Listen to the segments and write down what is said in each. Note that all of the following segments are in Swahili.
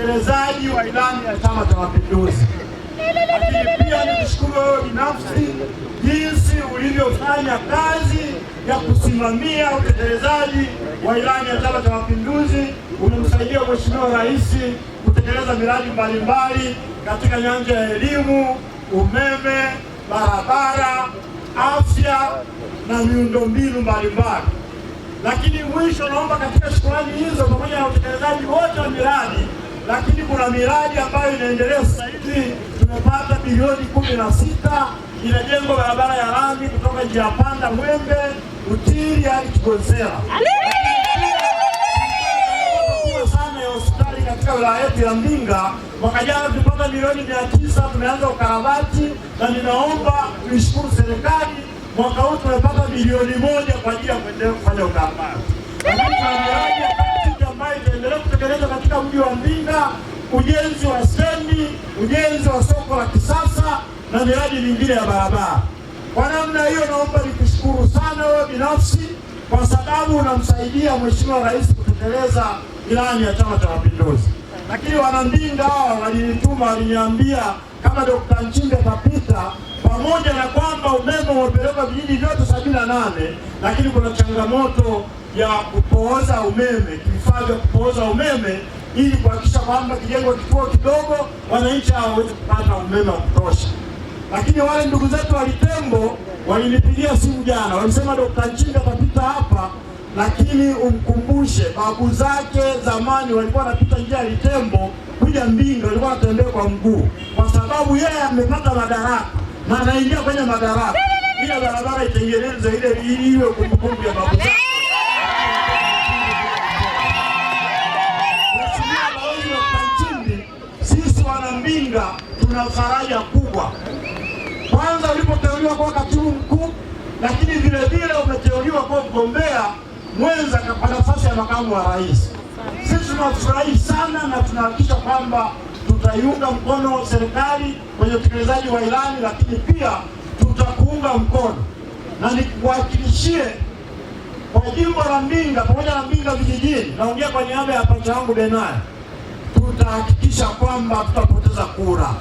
utekelezaji wa ilani ya Chama cha Mapinduzi, lakini pia nikushukuru wewe binafsi jinsi ulivyofanya kazi ya kusimamia utekelezaji wa ilani ya Chama cha Mapinduzi. Umemsaidia Mheshimiwa Rais kutekeleza miradi mbalimbali katika nyanja ya elimu, umeme, barabara, afya na miundombinu mbalimbali. Lakini mwisho, naomba katika shukrani hizo, pamoja na utekelezaji wote wa miradi lakini kuna miradi ambayo inaendelea sasa hivi. Tumepata bilioni kumi na sita inajengwa barabara ya lami kutoka njia panda Mwembe Utiri hadi Kigonsera sana ya hospitali katika wilaya yetu ya Mbinga. Mwaka jana tulipata milioni mia tisa tumeanza ukarabati, na ninaomba tuishukuru serikali, mwaka huu tumepata bilioni moja kwa ajili ya kuendelea kufanya ukarabati, lakini kuna miradi ya ambayo itaendelea kutekelezwa katika mji wa Mbinga ujenzi wa stendi, ujenzi wa soko la kisasa na miradi mingine ya barabara. Kwa namna hiyo, naomba nikushukuru sana wewe binafsi kwa sababu unamsaidia Mheshimiwa Rais kutekeleza ilani ya Chama cha Mapinduzi. Lakini wanambinga hawa walinituma, waliniambia kama Dkt. Nchimbi atapita, pamoja na kwamba umeme umepelekwa vijiji vyote sabini na nane, lakini kuna changamoto ya kupooza umeme, kifaa vya kupooza umeme ili kuhakikisha kwamba kijengo kituo kidogo, wananchi hawawezi kupata umeme wa kutosha. Lakini wale ndugu zetu wa Litembo walinipigia simu jana, walisema Dr. Nchinga atapita hapa, lakini umkumbushe babu zake zamani walikuwa wanapita njia ya Litembo kuja Mbinga, walikuwa wanatembea kwa mguu, kwa sababu yeye amepata madaraka na anaingia kwenye madaraka, ila barabara itengenezwe ile iwe kumbukumbu ya babu zake. faraja kubwa. Kwanza ulipoteuliwa kwa katibu mkuu, lakini vile vile umeteuliwa kwa mgombea mwenza kwa nafasi ya makamu wa rais. Sisi tunafurahi sana na tunahakikisha kwamba tutaiunga mkono serikali kwenye utekelezaji wa ilani, lakini pia tutakuunga mkono na nikuwakilishie kwa jimbo la Mbinga pamoja na Mbinga vijijini. Naongea kwa niaba ya pacha wangu Benaya, tutahakikisha kwamba tutapoteza kura.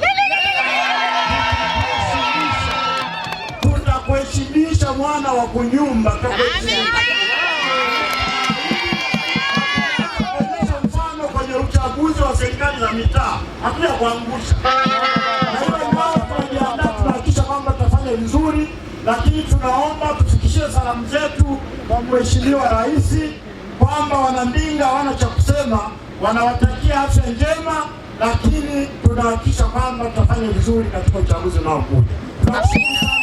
wa kunyumba kuonyesha mfano kwenye uchaguzi wa serikali za mitaa, hakuna kuangusha. Na hiyo kwamba tutafanya vizuri, lakini tunaomba tufikishie salamu zetu kwa mheshimiwa rais kwamba wanambinga hawana cha kusema, wanawatakia afya njema, lakini tunahakikisha kwamba tutafanya vizuri katika uchaguzi unaokuja.